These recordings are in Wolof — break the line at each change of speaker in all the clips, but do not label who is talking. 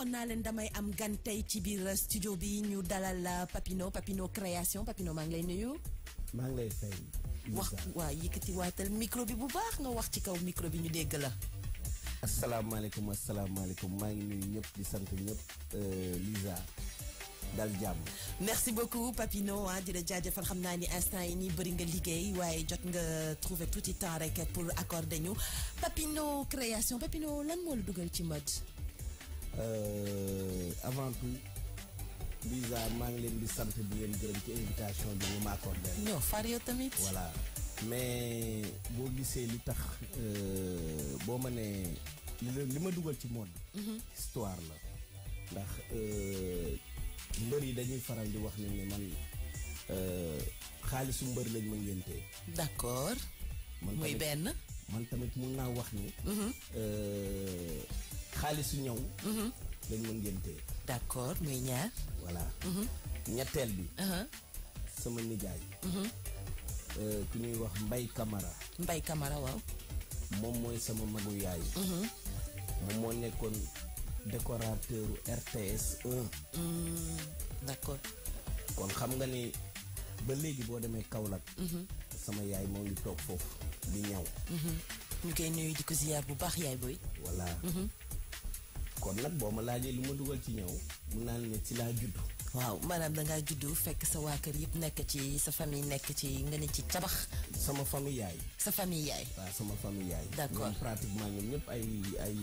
on naa leen am gan ci biir studio bi ñu dalal euh, Papino Papino création Papino maa ngi lay nuyu. maa lay fay. wax waa yëkkati waatal micro bi bu baax nga wax ci kaw micro bi ñu dégg la.
asalaamaaleykum asalaamaaleykum maa ngi nuyu ñëpp di sant ñëpp euh, Lisa dal jàmm. merci beaucoup Papino ha ah, di
la jaajëfal xam naa ni instant yi nii bëri nga liggéey waye jot nga trouver tout le temps rek pour accorder ñu Papino création Papino lan moo la dugal ci mode.
Euh, avant tout Lisa maa ngi leen di sant di leen gërëm ci invitation bi ma accordé.
ñoo far yow tamit. voilà
mais boo gisee li tax euh, boo ma nee li ma dugal ci mode. Mhm. histoire la ndax euh, mbër yi dañuy faral di wax ne ne man xaalisu mbër lañ ma ngéntee. d'accord. muy benn man tamit mun naa wax ni. Mhm. xaalisu ñëw mhm. dañ ma ngénte d'accord muy ñaar voilà mhm. ñetteel bi uh-huh. sama nijaay mhm. euh, ku ñuy wax Mbay Camara Mbay Camara waaw moom mooy sama magu yaay moom moo nekkoon décorateur RTS 1
mm,
d'accord kon xam nga ni ba léegi boo demee sama yaay moo ngi toog foofu di ñaw
ñu koy nuyu di ko ziyaar bu baax yaay
booy voilà kon nag boo ma laajee lu ma dugal ci ñëw mun naa ne ci laa juddu.
waaw maanaam da ngaa juddu fekk sa waa kër yëpp nekk ci sa famille nekk ci nga ne ci cabax. sama famille yaay. sa famille yaay.
waaw sama famille yaay. d'accord ñoom pratiquement ñoom ñëpp ay ay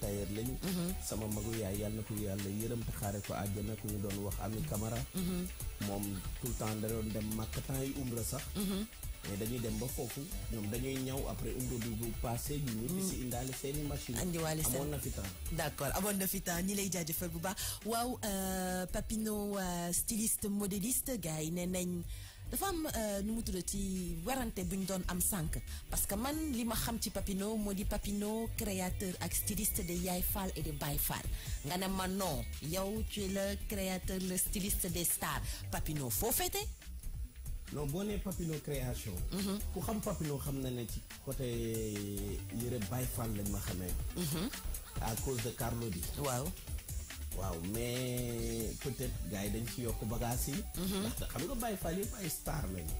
tailleur lañu. Mm-hmm. sama magu yaay yàlla na ko yàlla yërëm te xaare ko àjjana ku ñu doon wax ami camara. Mm-hmm. moom tout le temps da doon dem màkk temps yi umra sax. Mm-hmm. mais dañuy dem ba foofu ñoom dañuy ñaw après une heure bu passé ñu ñibbi si hmm. indaale seen i machine amoon na fi temps
d'accord amoon na fi temps ñi lay jaajëfal bu baax waaw euh, Papino euh, styliste modéliste gars yi ne nañ dafa am euh, nu mu tudd ci warante bu ñu doon am sànq parce que man li ma xam ci Papino moo di Papino créateur ak styliste des Yaay Fall et des Baye Fall nga ne ma non yow tu es le créateur le styliste des stars Papino foo féete
non boo nee Papino création. Mhm. ku xam Papino xam na ne ci côté yëre Baye Fall lañ ma xamee. Mhm. à cause de Carlo bi. waaw. waaw mais peut-être yi dañ ci yokk bagaas yi. Mhm. ndaxte xam nga Baye Fall yëpp ay star lañu.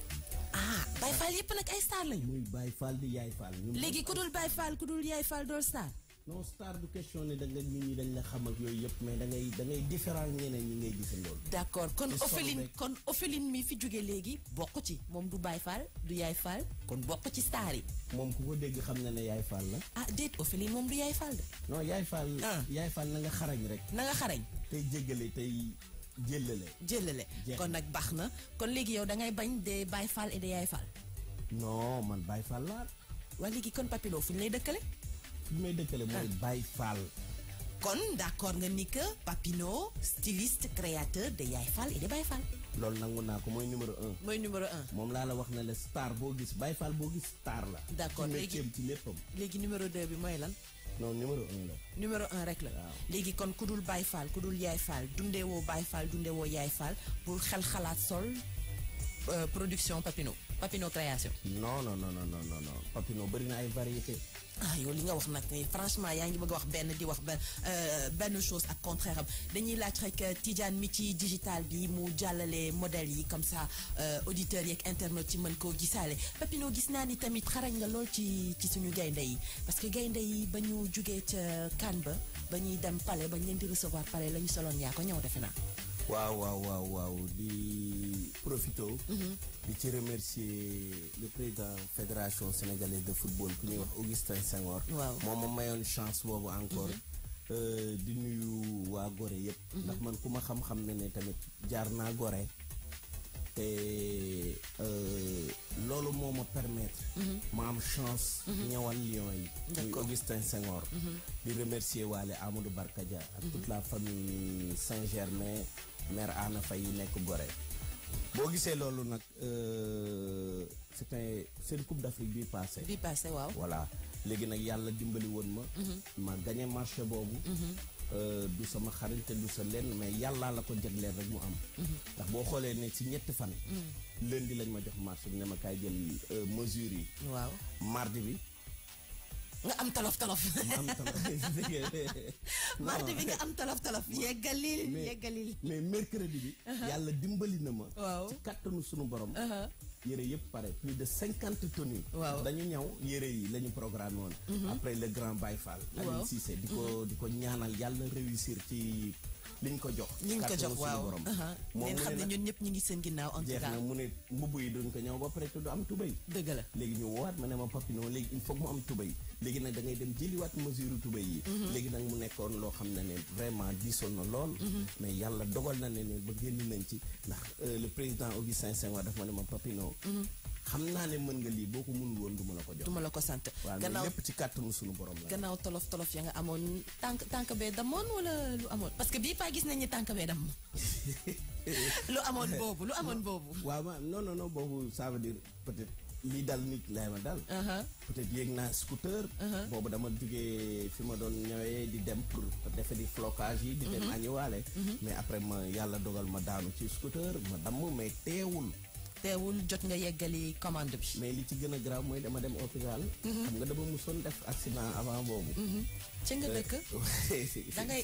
ah Baye Fall yëpp nag ay star lañu. muy Baye di Yaay Fall. léegi ku
dul Baye ku dul Yaay Fall dool star.
non star du question ne da nga nit ñi dañ la xam ak yooyu yëpp mais dangay ngay da ngay différent ngay gis loolu. d' accord kon Ophéline
kon Ophéline mi fi jóge léegi bokk ci moom du baay Fall du Yaay faal kon bokk ci star yi. moom ku ko dégg
xam na ne Yaay Fall la. ah déet Ophéline moom du Yaay Fall de. non Yaay Fall. Ah. Yaay Fall na nga xarañ rek. na nga xarañ. tey jéggale tey jëllale. jëllale kon nag baax na kon
léegi yow da ngay bañ de Baye Fall et de Yaay Fall.
non man Baye Fall laa. kon papilo fu ñu lay dëkkale. fi may dëkkale mooy Baye kon d'accord nga ni que Papino styliste créateur de Yaay et de Bayfal. Fall. loolu nangu naa ko mooy numéro 1. Moy numéro 1. Mom la la wax na le star bo gis Bayfal bo boo gis star la. d'accord léegi ci léppam. léegi numéro 2 bi moy lan. non numéro un la. numéro 1 rek la. Légui kon ku Bayfal
Baye Fall ku dul Yaay Fall dundee woo pour xel xalat sol
euh, production Papino Papino création. non non non non non non Papino bëri na ay
variété ah yow li nga wax nag eh, franchement ya ngi bëgg wax ben di wax ben euh ben chose ak contraire dañuy laaj rek euh, Tidiane mi ci digital bi mu jallalé modèle yi comme ça euh, auditeurs yeeg internautes yi mën koo gisaale Papino gis naa ni tamit xarañ nga lol ci ci suñu gaynde yi parce que gaynde yi ba ñu jugee ca kan dem palais bañ ñu leen di recevoir palais lañu salon ya ko ñew defena
waouh waouh waouh waaw di profito tiens mhm. à remercier le président fédération sénégalaise de football Augustin Senghor moi ma une chance boobu encore mhm. euh, di nuyu waa Gorée yëpp mhm. ndax man ku ma xam-xam à ne tamit jaar naa euh, ma permettre ma chance ñëwal Lions yi muy Augustin Senghor di remercier remercie Amadou Barkadia ak toute la famille Saint-Germain mère Anna fa yi nekk Gorée boo gisee loolu nag euh, c'était seen coupe d'Afrique bii passé bii passé waaw voilà léegi nag yàlla dimbali woon ma mhm. ma gagné marché boobu mhm. euh, du sama xarit te du sa lenn mais yàllaa la ko jagleel rek mu am
mhm. ndax boo
xoolee ne ci ñett fan lundi lañ ma jox marché bi ne ma kaay jël euh, mesure yi waaw mardi bi nga am tolof tolof. nga am tolof mardi bi nga am mais mercredi bi. Uh-huh. yàlla dimbali na ma. waaw ci kattanu sunu borom. Uh-huh. yére yëpp pare plus de cinquante tonnes. waaw dañu ñaw yére yi la ñu programme woon. Uh-huh. après le grand Baye Fall. waaw Aliou di ko di ko ñaanal yàlla réussir ci. liñ ko jox. liñ ko jox waaw borom. moom xam ne ñun ñëpp ñu ngi seen ginnaaw. en tout cas jeex na mu ne mbubb yi duñ ko ñëw ba pare te du am tubéy dëgg la léegi ñu woowaat ma ne ma papino léegi il faut mu am tubay. léegi nag da ngay dem jëliwaat mesure tuba yi mhm. léegi nag mu nekkoon loo xam ne vraiment diisoon na lool mhm. mais yàlla dogal na ne ba génn nañ ci ndax euh, le président Augustin Senghor dafa ma ne ma Papino mhm. xam naa mën nga lii boo mënul la ko jox la ko gannaaw ci suñu borom la
gannaaw tolof tolof ya nga wala lu amoon parce que bii paa gis nañ ni dam
lu amoon boobu lu amoon boobu waaw non non non boobu ça veut dire peut-être lii dal nit lay ma dal uh-huh. peut-être yéeg naa scooter uh-huh. boobu dama jugee fi ma doon ñëwee di dem pour defe di flocage yi di dem uh-huh. añuwaale mais après ma yàlla dogal ma daanu ci scooter ma damm mais teewul teewul jot nga yeggali commande bi mais li ci gën a grave mooy dama dem hôpital xam nga dama musoon def accident avant boobu ci nga dëkk da ngay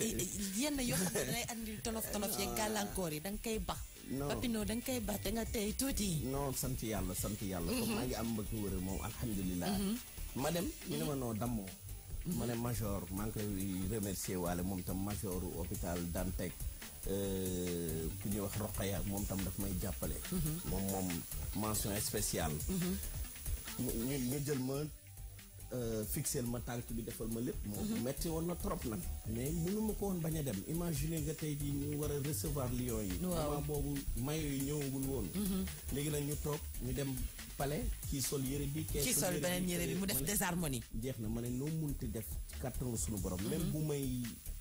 yenn yoo xam ne day
andi tolof tolof yeeg ah. gàllankoor
yi da nga koy bax non Papino da nga koy bàtte nga tey tuuti. non sant yàlla sant yàlla. Mm-hmm. comme maa ngi am mbëkk wërë moom alhamdulilah. Mm-hmm. ma dem ñu ne ma mm-hmm. noo dammoo. ma ne major maa ngi koy remercier waale moom tam major hôpital Dantec euh, ku ñuy wax Roqaya moom tam daf may jàppale. moom moom mention spéciale. ñu ñu jël ma. Euh, fixeel ma tànk bi defal ma lépp. moo mhm. metti woon na trop nag. mais mënu ko woon bañ a dem imaginer nga tey jii ñu war a recevoir lion yi. waaw boobu mayo yi ñëwagul woon. Mhm. léegi nag ñu toog ñu dem pale kii sol yëre bi. kii sol beneen yëre bi mu def désharmonie. jeex na ma ne noo mun munti def kàttanu suñu borom. Mhm. même bu may.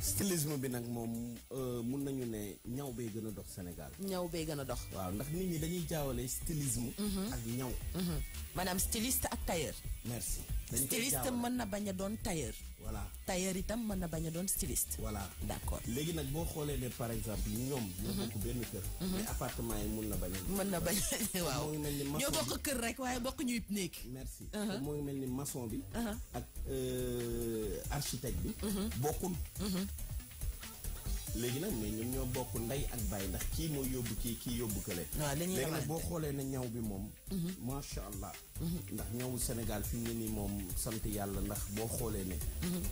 stylisme bi nag moom euh, mun nañu ne ñaw bee gën a dox Sénégal. ñaw bee gën a dox. waaw ndax nit ñi dañuy jaawale stylisme. Mhm. ak ñaw. Mhm. maanaam styliste ak tailleur. merci. styliste mën na bañ a
doon tailleur. voilà tailleur itam mën na bañ a doon styliste. voilà
d' accord léegi nag boo xoolee ne par exemple ñoom. ñoo mhm. bokk benn kër. Mhm. mais appartement yi mun na bañ a. mën na bañ waaw ñoo bokk kër rek waaye bokk ñuy néeg. merci mhm. moo ngi mel ni mason bi. ak euh, architecte bi. bokkul. léegi nag mais ñun ñoo bokk ndey ak bàyyi ndax kii moo yóbbu kii kii yóbbu kële. waaw léegi nag boo xoolee na ñaw bi moom. Mhm. macha allah. Mhm. ndax ñawu Sénégal fi mu ne nii moom sant yàlla ndax boo xoolee ne. Mhm.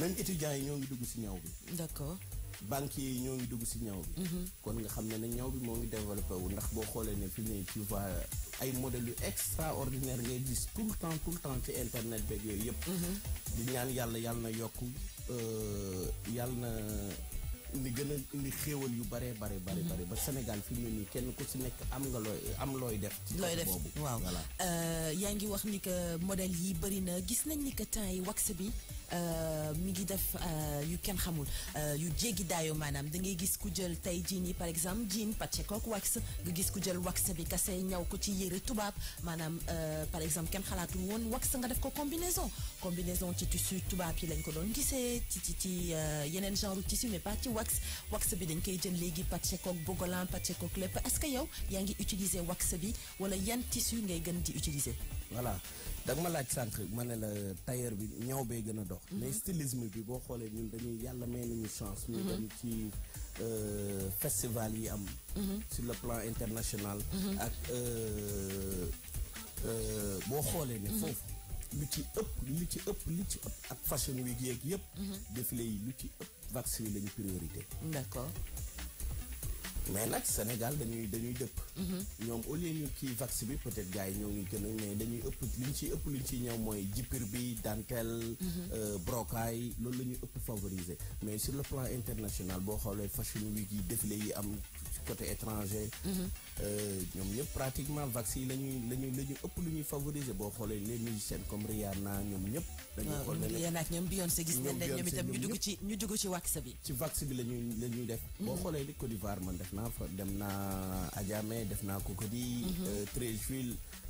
même étudiants yi ñoo ngi dugg si ñaw bi. d'accord. banques yi ñoo ngi dugg si ñaw bi. kon nga xam ne ne ñaw bi moo ngi développé wu ndax boo xoolee ne fi ne tu vois ay modèles yu extraordinaire ngay gis tout le temps tout temps ci internet beeg yooyu yëpp. di ñaan yàlla yàlla na yokk euh, yàlla na. indi gën a indi xéewal yu bare bare bare bare ba Sénégal fi mu nii kenn ku si nekk am nga looy am looy def looy def waaw voilà
euh, yaa ngi wax ni que modèle yi bëri na gis nañ ni que temps yi wax bi Euh, mi ngi def euh, yu kenn xamul euh, yu jéggi daayoo maanaam da ngay gis ku jël tey jii par exemple jean pacheco wax nga gis ku jël wax bi kase ñaw ko ci yére tubaab maanaam par exemple kenn xalaatul woon wax nga def ko combinaison combinaison ci tissu tubaab yi lañ ko doon gisee ci ci ci yeneen genre tissu mais pas ci wax wax bi dañ koy jël léegi pàcce bogolan pacheco kook lépp est-ce que yow yaa ngi utiliser wax bi wala yan tissu ngay gën
di utiliser voilà je ma la tailleur bi mhm. mais stylisme bi boo xoolee ñun dañuy chance. ñu mhm. ci euh, festival mhm. sur le plan international. ak euh, euh, boo ci ëpp ci ëpp fashion priorité. d'accord. mais nag Sénégal dañuy dañuy dëpp. Mhm. ñoom au lieu ñu kii vaccin bi peut-être yi ñoo ngi gën a mais dañuy ëpp li ñu ciy ëpp li ñu ciy ñëw mooy jippir bi dentelle. Mhm. Euh, brocaille loolu la ñuy ëpp favoriser mais sur le plan international boo xoolee fashion week yi défilé yi am. côté étranger. Euh, ñoom ñëpp pratiquement vax yi la ñuy la ñuy la ñuy ëpp lu ñuy favoriser boo xoolee les musiciens comme Rihanna ñoom ñëpp. dañuy xool ne yéen ak
ñoom Beyoncé gis nañ leen ñoom itam ñu dugg
ci ñu dugg ci wax bi. ci vax bi la ñuy la ñuy def. Mhm. boo xoolee li Côte d'Ivoire ma def naa fa dem naa Adjamé def naa Cocody. Mhm. Euh, Treichville.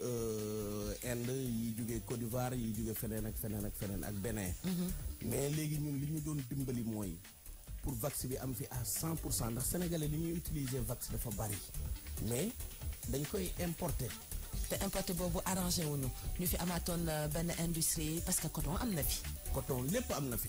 Euh, Inde yuy jóge Côte d'Ivoire yuy jóge feneen ak feneen ak feneen ak beneen mhm. mais léegi ñu li ñu doon dimbali mooy pour vax bi am fi à cent pour cent ndax sénégalais li ñuy utiliser vax dafa bari mais dañ koy importer. te importer boobu arrangé wuñu ñu fi amaatoon
euh, benn industrie parce que coton am na fi. coton lépp am na fi.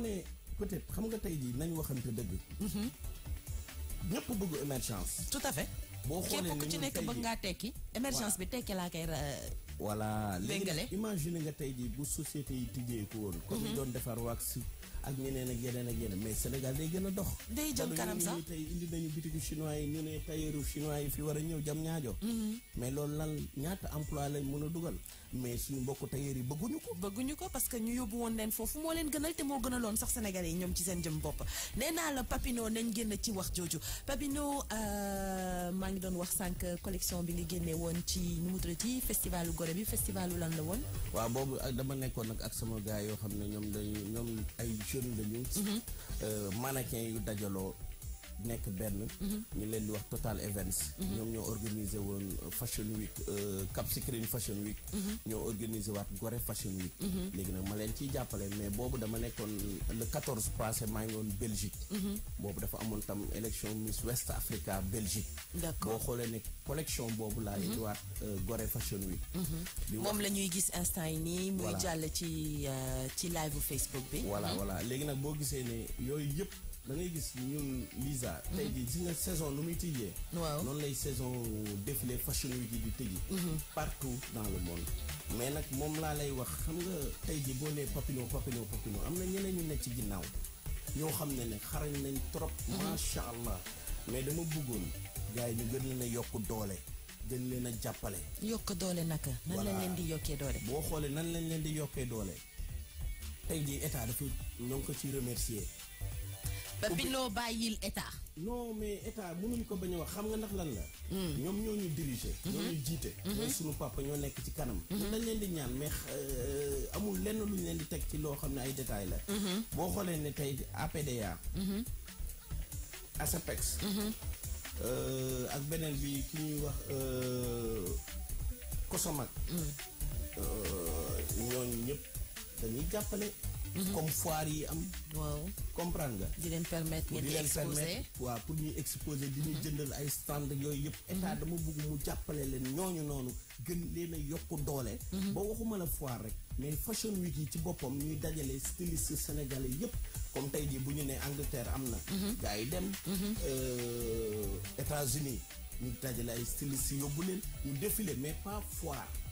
boo nee xam nga tey jii nañ waxante dëgg. Mhm. ñëpp bëgg émergence. tout à fait. boo xoolee képp ku ci nekk bëgg ngaa
tekki. émergence bi tekki laa koy. Euh,
voilà léegi imagine nga tey jii bu société yi tijjee woon. Mhm. comme ñu doon defar wax ak ñeneen ak yeneen ak yeneen mais Sénégal day gën a dox. day jëm kanam sax tey indi nañu bitigu chinois yi ñu ne tailleuru chinois yi fi war a ñëw jam ñaajo. Mm-hmm. mais loolu lan ñaata emploi lañ mën a dugal. mais suñu mbokk tailleur yi ko. parce que ñu yóbbu woon leen foofu moo leen gënal te moo gënaloon sax ñoom ci seen jëm
bopp. nee naa la wax jooju Papino euh, maa ngi doon wax sànq collection bi nga génne woon ci nu mu tuddati festivalu Gorée bi festivalu lan la woon.
waaw boobu dama nekkoon nag ak sama yoo xam ne ñoom dañuy ñoom ay Girl in the Youth. mannequin yu dajaloo nekk benn. Mhm. ñu leen di wax Total Events. Mhm. ñoom ñoo organisé woon euh, Fashion Week euh, Cap Skirring Fashion Week. Mhm. ñoo organisé waat Gorée Fashion Week. léegi nag ma leen ciy jàppale mais boobu dama nekkoon le 14 passé maa ngi woon Belgique. boobu dafa amoon tam élection Miss West Africa Belgique. boo xoolee ne collection boobu laa indiwaat euh, Gorée Fashion Week.
moom la ñuy gis instant yi
nii. muy jàll ci ci live Facebook bi. voilà voilà léegi nag boo gisee ne yooyu yëpp. da ngay gis ñun Lisa. Mhm. tey jii gis nga saison saison fashion week di mhm. partout dans le monde. mais nag moom laa lay wax xam nga tey jii boo nee papino papino papino am na ñeneen ci ginnaaw trop. Mhm. mais dama bëggoon gars ñu gën leen a yokk doole. gën leen a jàppale. naka. nan lañ leen di nan di état ko remercier. ba fi loo
bàyyil état.
non mais état mënuñ ko bañ a wax xam nga ndax lan la. Hmm. ñoom ñoo ñu diriger. ñoo hmm. ñu jiite. Hmm. mooy sunu papa ñoo nekk ci kanam. dañ leen di ñaan mais euh, amul lenn lu leen di teg ci loo xam ne ay détails la. boo xoolee ne tey APDA. ASAPEX. Euh, ak beneen bi ki ñuy wax COSOMAC. Euh, ñooñu ñëpp dañuy jàppale. Mm-hmm. comme foire yi am. waaw comprendre nga. di
leen permettre ngeen di exposer
waaw pour ñuy exposer di ñu mm-hmm. jëndal ay stand yooyu yëpp. Mm-hmm. état dama bëgg mu jàppale leen ñooñu noonu gën leen a yokk doole. ba waxuma la foire rek. mais fashion week yi ci boppam ñuy dajale styliste sénégalais yëpp comme tey jii bu ñu ne Angleterre am na. gars yi dem. Euh, États-Unis ñu dajale ay styliste yóbbu leen ñu défilé mais pas foire.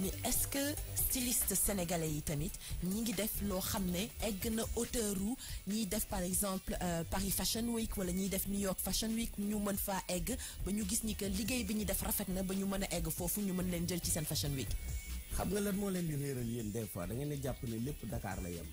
mais est-ce que styliste
sénégalais yi tamit ñi ngi def loo xam ne egg na hauteur u ñiy def par exemple euh, Paris Fashion Week wala ñiy def New York Fashion Week ñu mën faa egg ba ñu gis ni que liggéey
bi ñu def rafet na ba ñu mën a egg foofu ñu mën leen jël ci seen Fashion Week. xam nga lan moo leen di réeral yéen des fois da ngeen di jàpp ne lépp dakaar la yem.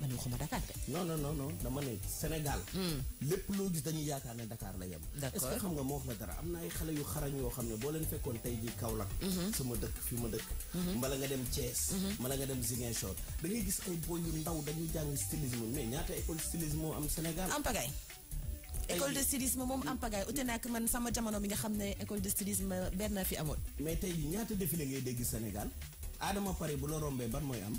man waxuma Dakar de. non non non non dama ne Sénégal. Hmm. lépp loo gis dañuy yaakaar ne Dakar la yem. d'accord est-ce que xam nga moo wax la dara am na ay xale yu xarañ yoo xam ne boo leen fekkoon tey jii Kaolack. Hmm. sama dëkk fi ma dëkk. Hmm. mbala nga dem Thiès. mbala nga dem Ziguinchor da ngay gis ay boy yu ndaw dañuy jàng stylisme mais ñaata école stylisme moo am Sénégal. am pagaille. école de
stylisme moom am pagaille ute naa ak man sama jamono bi nga xam ne école de
stylisme benn fi amoon. mais tey jii ñaata défilé ngay dégg Sénégal Adama Paris bu la rombee ban mooy am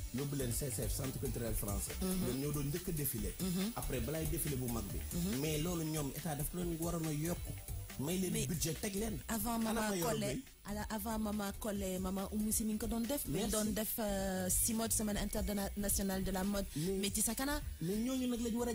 yóbbu leen CCF centre culturel français. Mhm. ñoo doon njëkk a défilé. Mhm. après balaay défilé bu mag bi. Mhm. mais loolu ñoom état daf ko doon a yokk. may leen budget teg leen. avant maman Collé
ala avant mama Collé mama Oumou Sy mi ngi ko doon def. mais doon def euh, six mois de semaine internationale de la mode. mais ci sa kana. mais ñooñu nag la ñu war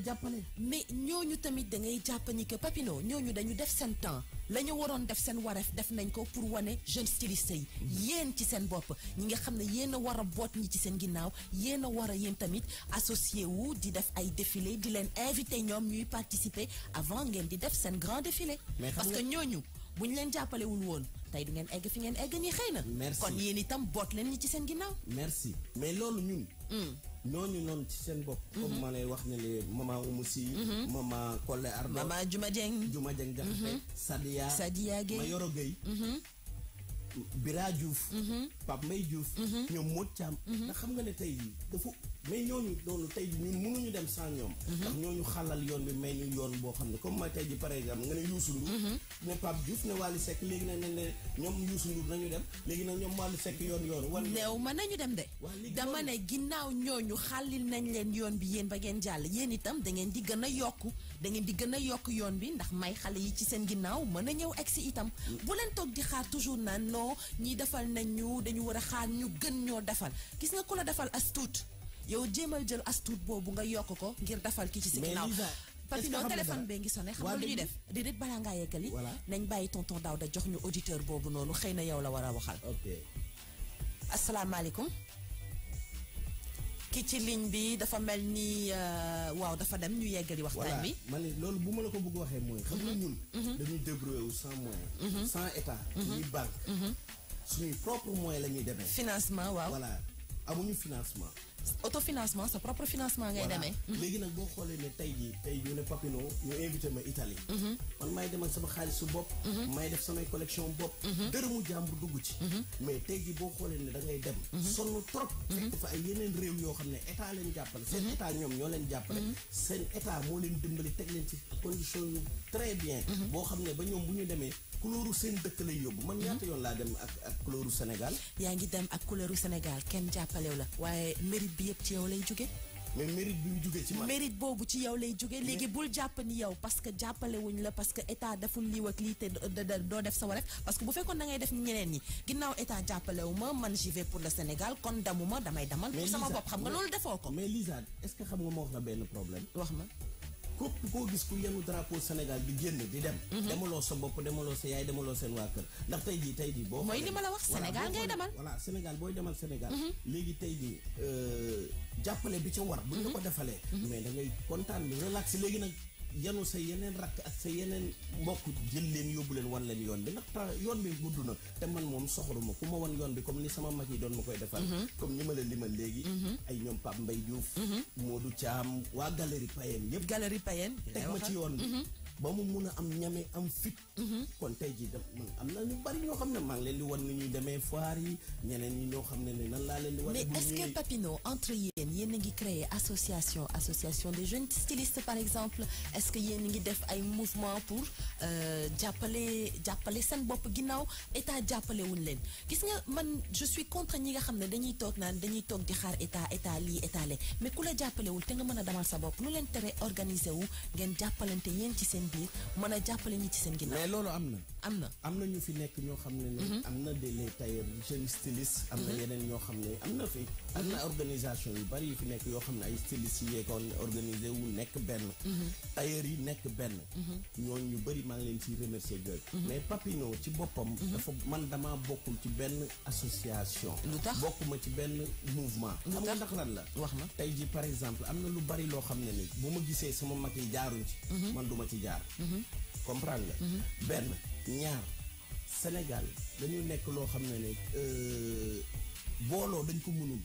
mais ñooñu tamit da ngay jàpp ni que Papino ñooñu dañu def seen temps la ñu waroon def seen waref def nañ ko pour wane jeune styliste yi. yéen ci seen bopp ñi nga xam ne yéen bot war a boot ñi ci seen ginnaaw yéen a war tamit associé wu di def ay défilé di len invité ñoom ñuy participer avant ngeen di def seen grand défilé. parce que ñooñu bu ñu leen jàppalewul woon. tey du ngeen egg fi ngeen egg nii xëy na.
merci kon yéen itam boot leen ñi ci seen ginnaaw. merci mais loolu ñun. Hmm. ñooñu noonu ci seen bopp. Hmm. comme ma lay wax ne le maman Oumou Sy. Hmm. maman Collé Ardo. maman Juma Dieng. Juma Dieng Diakhaté. Sadia sa Gueye Mayoro Gueye. Bira Diouf. Pape Mbaye Diouf. ñoom Modou Thiam. ndax xam nga ne tey dafa. mais ñooñu noonu tey ñun ñu dem sans ñoom. Mhm. ndax ñu xalal yoon bi may ñu yoon boo xam ne comme ma tey ji par exemple nga ne Youssou Ndour. Mhm. ne Pape Diouf ne Wally Seck léegi nag nañ ne ñoom Youssou Ndour nañu dem yoon yoon. wan néew
ma nañu dem de. dama ne ginnaaw ñu xàllil nañ leen yoon bi yéen ba ngeen jàll yéen itam dangeen di gën a yokku dangeen di gën a yokk yoon bi ndax may xale yi ci seen ginnaaw mën a ñëw egsi itam. Mm. bu leen toog di xaar toujours naan noo ñi defal nañ ñu dañu war a xaar ñu gën ñoo defal gis nga ku la defal as tuut yow jéemal jël astuut boobu nga yokk ko ngir dafal ki ci si ginnaaw papi non téléphone bee ngi sonné xam nga lu ñuy def déedéet balaa ngaa yeggali nañ bàyyi tonton daaw da jox ñu auditeur boobu noonu xëy na yow la war a waxal asalaamaaleykum ki ci ligne bi dafa mel ni euh, waaw dafa dem ñu yeggali waxtaan bi
ma ne loolu bu ma la ko bëgg waxee mooy xam nga mhm. ñun mhm. dañuy débrouiller wu sans moyen mhm. sans état ñuy banque suñuy propre moyen la ñuy demee financement waaw voilà amuñu financement autofinancement sa propre
financement ngay demee. léegi
nag boo xoolee ne tey jii tey ñu ne Papino ñu invité ma Italie. Mhm. man maay dem ak sama xaalis su bopp. may mhm. def samay collection bopp. Mhm. dërëmu jàmbur dugg ci. mais tey jii boo xoolee ne da ngay dem. sonn trop. fekk fa yeneen réew yoo xam ne état leen jàppale. seen état ñoom ñoo leen jàppale. seen état moo leen dimbali teg leen ci condition très bien. boo xam ne ba ñoom bu ñu demee. couleuru seen dëkk lay yóbbu man ñaata yoon laa dem ak ak couleuru Sénégal
yaa ngi dem ak couleuru Sénégal kenn jàppalew la waaye mérite bi yëpp ci yow lay jóge
mais mérite bi mu jugee ci man mérite
boobu ci yaw lay jugee léegi bul jàpp ni yow parce que jàppale wuñ la parce que état deful lii ak lii te doo def sa wareef parce que bu fekkoon da ngay def ñeneen ñi ginnaaw état jàppalewu ma man j'y vais pour le Sénégal kon damuma damay damal pour sama bopp xam nga loolu
defoo ko mais Lisa est-ce que xam nga ma wax la benn problème képp koo gis ku yenu drapeau Sénégal di génn di dem. Mhm. demaloo sa bopp demaloo sa yaay demaloo seen waa kër ndax tey jii tey jii. boo mooy li ma la wax Sénégal ngay demal voilà Sénégal booy demal Sénégal. Mhm. léegi tey jii euh, jàppale bi ca war. bu ñu mhm. ko defalee. mais da ngay kontaan bi relax léegi nag. yanu sa yeneen rakk ak sa yeneen mbokk jël leen yóbbu leen wan leen yoon bi ndax yoon bi gudd na te man moom soxoruma ku ma wan yoon bi comme ni sama mag yi doon ma koy defal mhm. comme ni ma la limal léegi mhm. ay ñoom Pape Mbaye Diouf mhm. Modou Thiam waa Galerie Payenne yëpp Galerie Payenne teg ma ci yoon bi ba mu mun a am ñame am fit Mm-hmm. kon tey jii da man am na ñu bari ñoo xam ne maa ngi leen di wan ni ñuy demee foire yi ñeneen ñi ñoo xam ne ne nan laa leen di wan mais est-ce que
Papino entre yéen yéen a ngi créer association association des jeunes stylistes par exemple est-ce que yéen ngi def ay mouvement pour euh, jàppale jàppale seen bopp ginnaaw état jàppale wuñ leen gis nga man je suis contre ñi nga xam ne dañuy toog naan dañuy toog di xaar état état lii état le mais ku la jàppalewul te nga mën a demal sa bopp lu leen tere organiser wu ngeen jàppalante yéen ci seen biir mën a jàppale ñi ci seen ginnaaw mais loolu
am na. am na am na ñu fi nekk ñoo xam ne ne. Mhm. am na des les tailleurs jeunes am na mhm. yeneen ñoo xam ne am na fi. am na mhm. organisation yu bari yu fi nekk yoo xam ne ay stylistes yi yeekoon organisé wu nekk benn. tailleurs yi nekk benn. ñooñu ñu bari maa ngi leen ciy remercier gërëm. mais Papino ci boppam. dafa man damaa bokkul ci benn association. lu tax bokkuma ci benn mouvement. xam nga ndax lan la. wax na tey jii par exemple am na lu bari loo xam ne ni bu ma gisee sama mag yi jaaruñ ci. man duma ci jaar. comprendre nga. Mhm. benn ñaar Sénégal dañu nekk loo xam ne ne euh, booloo dañ ko mënul.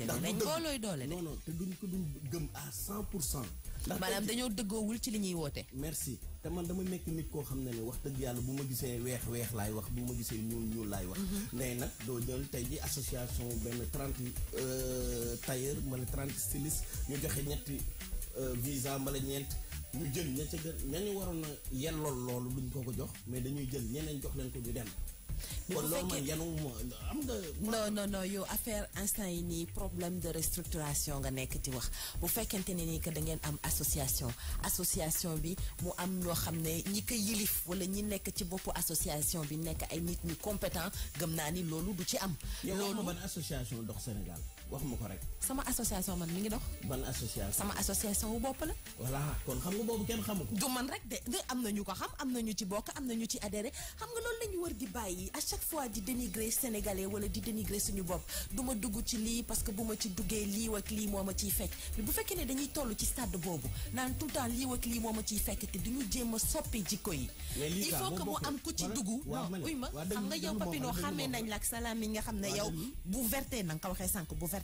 ndax dañ boolooy doole non non te duñ ko duñ gëm à cent pour cent. ndax maanaam dañoo dëggoowul ci li ñuy woote. merci te man dama nekk nit koo xam ne ne wax dëgg yàlla bu ma gisee weex weex laay wax bu ma gisee ñuul ñuul laay wax. Mhm. ndey nag doo jël tey ji association benn trente euh, tailleur wala trente styliste ñu joxe ñetti euh, visa mbala ñeent. ñu jël ña ca gën ñañu waroon a yellool loolu duñ ko ko jox mais dañuy jël ñeneen jox leen ko ñu dem. kon loolu man yanu
am nga. non yow affaire instant yi nii problème de restructuration nga nekk di wax bu fekkente ne nii que da ngeen am association association bi mu am ñoo xam ne ñi ko yilif wala ñi nekk ci boppu association bi nekk ay nit ñi compétent gëm naa ni loolu du ci am. loolu yow ban association dox Sénégal. wax ko rek. sama association man mi ngi dox. ban association sama association wu bopp la. voilà kon xam nga boobu kenn xamu ko. du man rek de de am na ñu ko xam am na ñu ci bokk am na ñu ci adhéré xam nga loolu la ñu war di bàyyi à chaque fois di dénigrer sénégalais wala di dénigrer suñu bopp du ma dugg ci lii parce que bu ma ci duggee lii wak lii moo ma ciy fekk bu fekkee ne dañuy toll ci stade boobu naan tout le temps lii wak lii moo ma ciy fekk te duñu jéem a soppi jikko yi.
il faut que mu am ku ci dugg. non uy ma xam nga yow papino xàmmee nañ
la ak salaam yi nga xam ne yow bu verte na nga ko waxee sànq bu verte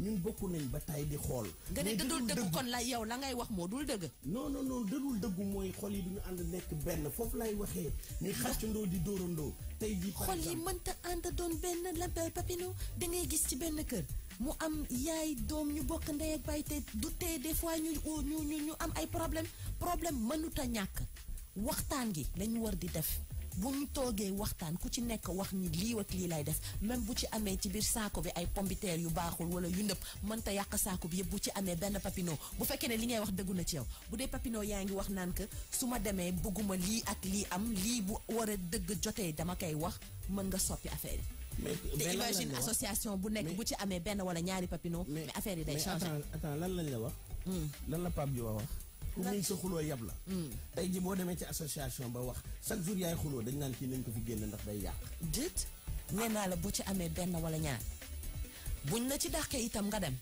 ñun bokku nañ ba tay di xool. nga ne dëdul dëgg kon la yow la ngay wax moo dul dëgg. non noo non dëdul dëgg mooy xool yi du ñu ànd nekk benn foofu lay waxee. ñuy xàccandoo di dóorandoo. tey jii xol yi mënta ànd doon benn la papino da ngay gis
ci benn kër. mu am yaay doom ñu bokk ndey ak baay tey du tee des fois ñu ñu ñu am ay problème problème mënut ñàkk waxtaan gi lañu war di def. bu ñu toogee waxtaan ku ci nekk wax ni lii ak lii lay def même bu ci amee ci biir saako bi ay pombiteer yu baaxul wala yu ndëpp mënta yàq saako bi yëpp bu ci amee benn papino bu fekkee ne li ngay wax dëggu na ci yow bu dee papino yaa ngi wax naan su ma demee bëgguma lii ak lii am lii bu war a dëgg jotee dama koy wax mën nga soppi affaire
yi. te imagine
association bu nekk bu ci amee benn wala ñaari papino mais affaire yi day changé. mais
attends lan lañ la wax. Hmm. lan la Pape Diouf wax. ku muñ sa xuloo yab la mm. tey ji boo demee ci association ba wax chaque jour yaay xuloo dañ naan kii nañ ko fi génn ndax day yàq déet nee naa la bu ci amee benn wala ñaar
buñ la ci dàqee itam nga dem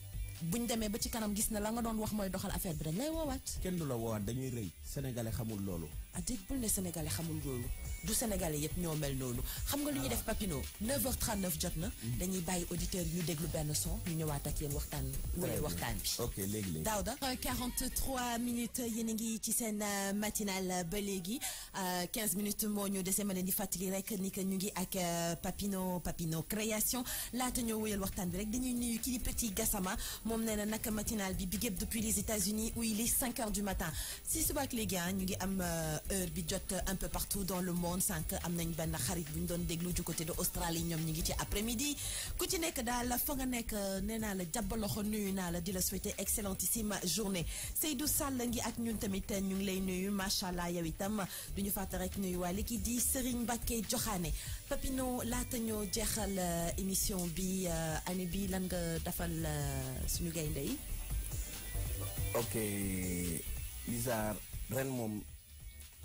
buñ demee ba ci kanam gis ne la nga doon wax mooy doxal affaire bi dañ lay woowaat kenn du la woowaat dañuy rëy sénégalais xamul loolu a ah, déet bul ne sénégalais xamul loolu du sénégalais yépp ñoo mel noonu xam nga lu ñuy def papino 9h39 jot na hmm. dañuy bàyyi auditeur ñu déglu benn son ñu ñëwaat ak yéen waxtaan wala waxtaan
bi ok léegi léegi Daouda
43 minutes yéen a ngi ci seen euh, matinal ba léegi 15 euh, minutes moo ñu dese ma leen di fàttali rek ni que ñu ngi ak euh, papino papino création laata ñoo wëyal waxtaan bi rek dañuy nuyu kii di Petit gasama moom nee na nag matinal bi bi gépp depuis les États-Unis où il est 5 heures du matin si suba ak léegi ah, ñu ngi am heure bi jot un peu partout dans le monde woon sànq am nañ benn xarit bu ñu doon déglu ju côté de Australie ñoom ñi ngi ci après midi ku ci nekk daal fa nga nekk nee naa la loxo nuyu naa la di la souhaiter excellentissime journée Seydou Sall ngi ak ñun tamit ñu ngi lay nuyu macha allah yow itam du ñu fàtte rek nuyu waale ki di Serigne Mbacke Joxane Papino laata ñoo jeexal euh, émission bi euh, année bi lan nga defal euh, suñu gaynde yi
ok Lisa ren moom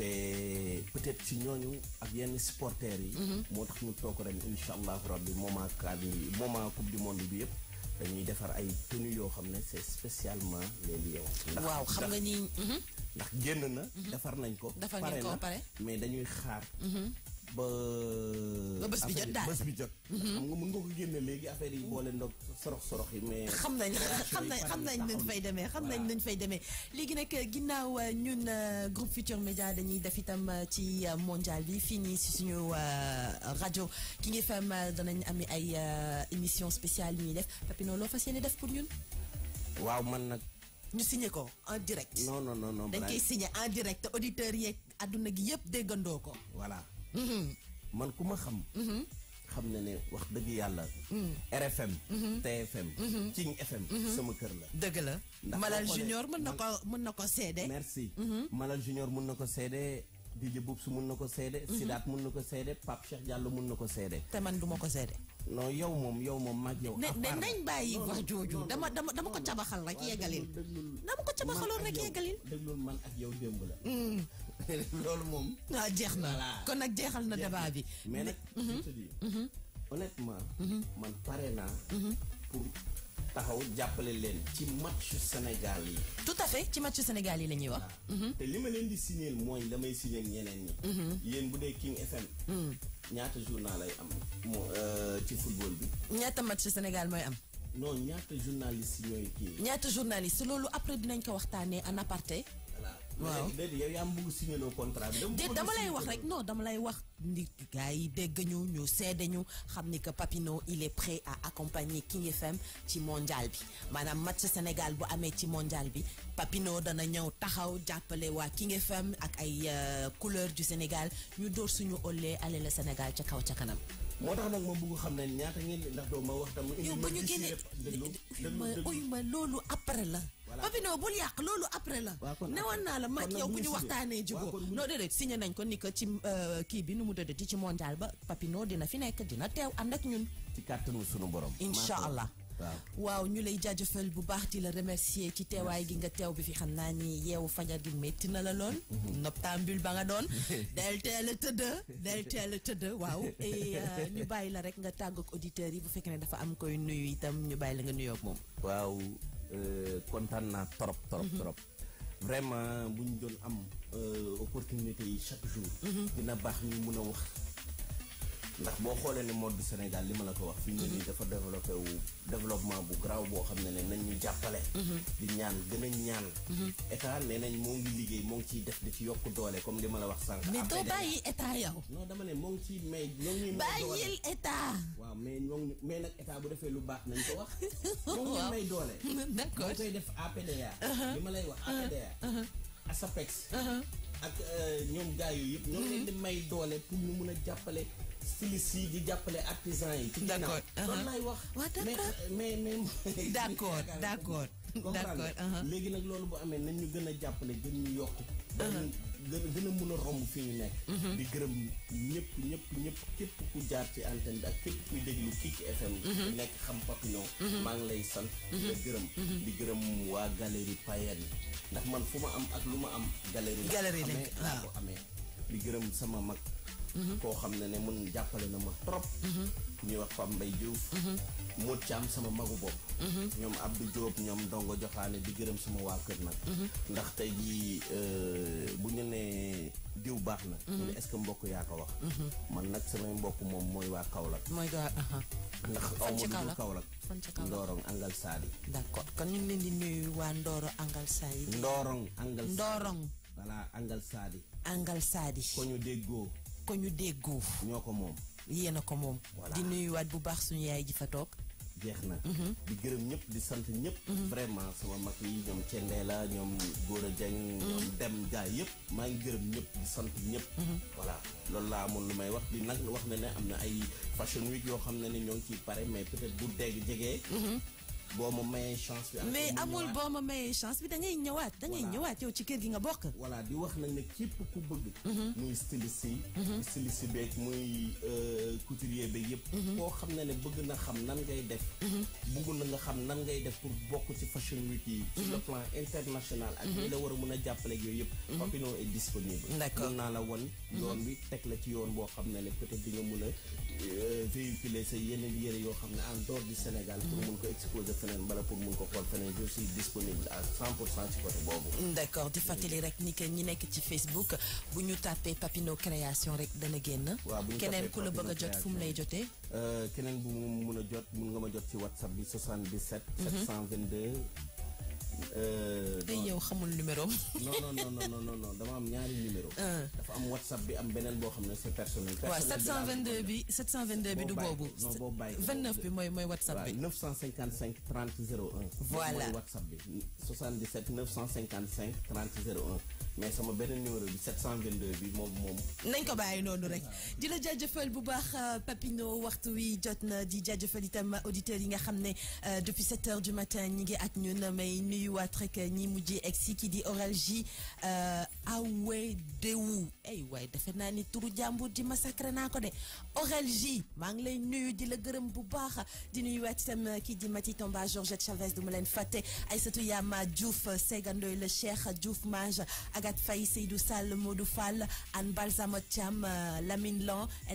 te peut-être ci ñooñu ak yenn supporters yi. Mhm. moo tax ñu toog ren incha allahu rabbi moment cadre yi moment coupe du monde bi yëpp. dañuy defar ay tenues yoo xam ne c'est spécialement les lions. waaw xam nga ni. Mhm. ndax génn na. Mhm. defar nañ ko.
defar nañ ko pare
mais dañuy xaar. ba. ba bés bi jot daal bés bi jot. Mhm. xam nga mën nga ko génne léegi affaire yi boole ndox sorox sorox yi mais. xam nañ xam nañ xam nañ nuñ fay demee
xam nañ nuñ fay demee. léegi nag ginnaaw euh, ñun euh, groupe Futurs Médias dañuy def itam euh, ci mondial bi fii nii si suñu rajo King FM danañ ami ay émission spéciale yu ñuy def Papino loo fas yéene def pour ñun.
waaw man nag. ñu signé ko en direct. non non non non. dañ koy signé
en direct auditeurs yeeg adduna gi yëpp déggandoo ko.
voilà. Mm-hmm. man ku ma xam. Mm-hmm. xam na ne wax dëgg yàlla. Mm-hmm. RFM. TFM. King FM. sama kër la. dëgg la Malal Junior mën na ko mën na ko seede. merci. Malal Junior mun na ko seede. DJ Boubs mën na ko seede. Sidaat mun na ko seede Pape Cheikh jàll mun na ko seede. te man duma ko seede. non yow moom yow moom maag yow. à part nañ bàyyi wax jooju
dama dama dama ko cabaxal rek yeggalil. dama ko cabaxaloon rek yeggalil.
déglul man ak yow démb la. Mm. loolu moom.
ah jeex na kon nag jeexal na débat bi. mais nag. Mm-hmm. je te dis. Mm-hmm.
Mm-hmm. man pare naa. pour taxaw jàppale leen. ci matchu Sénégal yi.
tout à fait ci matchu Sénégal yi lañuy ñuy wax.
te li ma leen di signeel mooy la may ñeneen ñi. yéen bu dee King FM. Mm. ñaata journal lay am. moo euh, ci football bi. ñaata matchu Sénégal mooy am. non ñaata journaliste ñooy kii. ñaata
journaliste loolu après dinañ ko waxtaanee en aparté.
waaw léegi yow yaa mbugg signé loo contrat bi dama lay wax rek
non dama lay wax nit gars yi dégg ñu ñu seede ñu xam ni que Papino il est prêt à accompagner King FM ci mondial bi maanaam match Sénégal bu amee ci mondial bi Papino dana ñëw taxaw jàppale waa King FM ak ay euh, couleur du Sénégal ñu door suñu olé aller le Sénégal ca kaw ca kanam
moo tax nag ma bëgg xam ne ñaata ngeen ndax doo ma wax tam yow ba ñu génne ma loolu après la Papino bul yàq loolu après la newoon naa la mag yow ku ñu waxtaanee jubóo
non déedéet signé nañ ko ni que ci euh, kii bi nu mu dëddati ci mondial ba Papino dina fi nekk dina teew am nag ñun
ci kàttanu borom incha allah
waaw ñu lay jaajëfal bu baax di la remercier ci teewaay gi nga teew bi fi xam naa ni yeewu fajar gi métti na la lool. Mhm. noptambule ba nga doon. del teel a tëdd del teel a tëdd waaw. et euh, ñu bàyyi la rek nga tàggoog auditeurs yi bu fekkee ne dafa am
koy nuyu itam ñu bàyyi la nga nuyoo ak waaw. Euh, kontaan naa trop trop mhm. trop. vraiment bu ñu doon am euh, opportunité yi chaque jour. Mhm. dina baax ñu mun a ndax boo xoolee ne mode du Sénégal li ma la ko wax fi ñu ne nii mhm. dafa développé wu développement bu garaaw boo xam ne ne nañ ñu jàppale mhm. di ñaan gën ñaan mhm. état nee nañ moo ngi liggéey moo ngi ciy def di ci yokk doole comme li ma la wax sànq mais doo bàyyi état dama ne moo ngi ciy may ñoo ngi ñuy bàyyil mais ñoo mais nag état bu defee lu baax nañ ko wax
moo ngi ñuy may doole
d'accord def APDA uh-huh. li ma lay wax APDA uh-huh. ASAPEX uh-huh. ak euh, ñoom gars yooyu yëpp ñoo ngi mm-hmm. may doole pour ñu mun a jàppale stylistes yi di jàppale artisans yi. ci ginnaaw uh-huh. loolu laay wax. Euh, mais mais mais. d' accord d' accord. d' accord uh-huh. léegi nag loolu bu amee nañ ñu gën a jàppale gën ñu yokk. Uh-huh. gën gën a mun a romb fi ñu nekk. di gërëm ñëpp ñëpp ñëpp képp ku jaar ci antenne bi ak képp kuy déglu Kik FM. di nekk xam papillon. maa ngi lay sant. di la gërëm. di gërëm waa galerie Payenne ndax man fu ma am ak lu ma am. galerie la galerie la waaw amee di gërëm sama mag. koo xam ne ne mun jàppale na ma trop ñuy wax mbay diouf am sama magu bopp ñoom abdou diop ñoom dongo joxaane di gërëm sama waa kër nag ndax tey jii euh, bu ñu nee diw baax na ñu est ce que mbokk yaa ko wax man nag samay mbokk moom mooy waa kaolack mooy gaa ndax aw ma dul kaolack ndorong angal saadi d'accord kon ñu leen di
nuyu waa angal saadi angal voilà angal saadi angal saadi ko ñu déggoo ko ñu déggoo. ñoo ko moom. yéen a ko moom. voilà di nuyuwaat bu baax suñu yaay ji fa toog. jeex na. Mhm.
di gërëm ñëpp di sant ñëpp. Mhm. vraiment sama mag yi ñoom Thiendé la ñoom a Dieng. Mhm. ñoom Dem gaa yëpp. maa ngi gërëm ñëpp di sant ñëpp. voilà loolu laa amoon lu may wax di nag wax na ne am na ay fashion week yoo xam ne ñoo ngi pare mais peut bu dégg jegee. boo ma mayee chance bi. mais amul boo
ma mayee chance bi da ngay ñëwaat. da ngay ñëwaat
yow ci kër gi nga bokk. voilà di wax nag ne képp ku bëgg. Mhm. muy styliste yi. Mhm. styliste beeg muy euh, couturier beeg yëpp. Mhm. koo xam ne ne bëgg na xam nan ngay def. bëgg na nga xam nan ngay def pour bokk ci fashion week yi. sur le plan international. ak ñi la war a mën a jàppale yooyu yëpp. Papillon est disponible. d'accord naa la won yoon bi teg la ci yoon boo xam ne ne peut-être di nga mën a. véhiculer sa yeneen yére yoo xam ne en dehors du Sénégal. pour mun ko exposer feneen mbala pour mun ko xool feneen je disponible à 100 pour cent boobu.
d' di fàttali rek ni que ñi nekk ci Facebook bu ñu tàppee Papino création rek dana génn. bu
ñu keneen ku la bëgg a jot fu mu lay jotee. Euh, keneen bu mu mun a jot mun nga ma jot ci WhatsApp bi 77. 722. Mhm. Euh, ay yow xamul numéro am. non non non non non dama am ñaari dafa am whatsapp bi am beneen boo xam ne c'est personnel. waaw 722
bi 722 bi du boobu. bi
mooy mooy whatsapp bi. 955 30 voilà whatsapp bi mais sama beneen numéro bi 722 bi moom moom.
nañ ko bàyyi noonu rek di la jaajëfal bu baax euh, Papino waxtu wii jot na di jaajëfal itam auditeurs yi nga xam ne euh, depuis 7 heures du matin ñi ngi ak ñun may nuyuwaat rek ñi mujj egg si ki di oral ji euh, awe dewu ay waay defe naa ni turu jàmbur di massacre naa ko de oral ji maa ngi lay nuyu di la gërëm bu baax di nuyuwaat itam ki di Mati Tomba Georgette Chavez du ma leen ay Aïssatou Yama Diouf Sega Ndoye le Cheikh Diouf Mage Modou Fall euh, Lamine euh,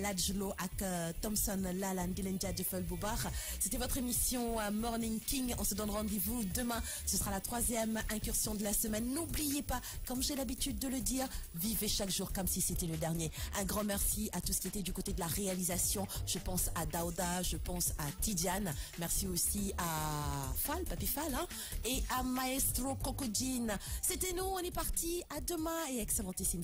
c'était votre émission euh, Morning King on se donne rendez-vous demain ce sera la troisième incursion de la semaine n'oubliez pas comme j'ai l'habitude de le dire vivez chaque jour comme si c'était le dernier un grand merci à tous qui étaient du côté de la réalisation je pense à Daouda je pense à Tidiane merci aussi à Fall Papi Fall hein, et à Maestro Cocodine c'était nous on est parti à demain et excellentissime journée.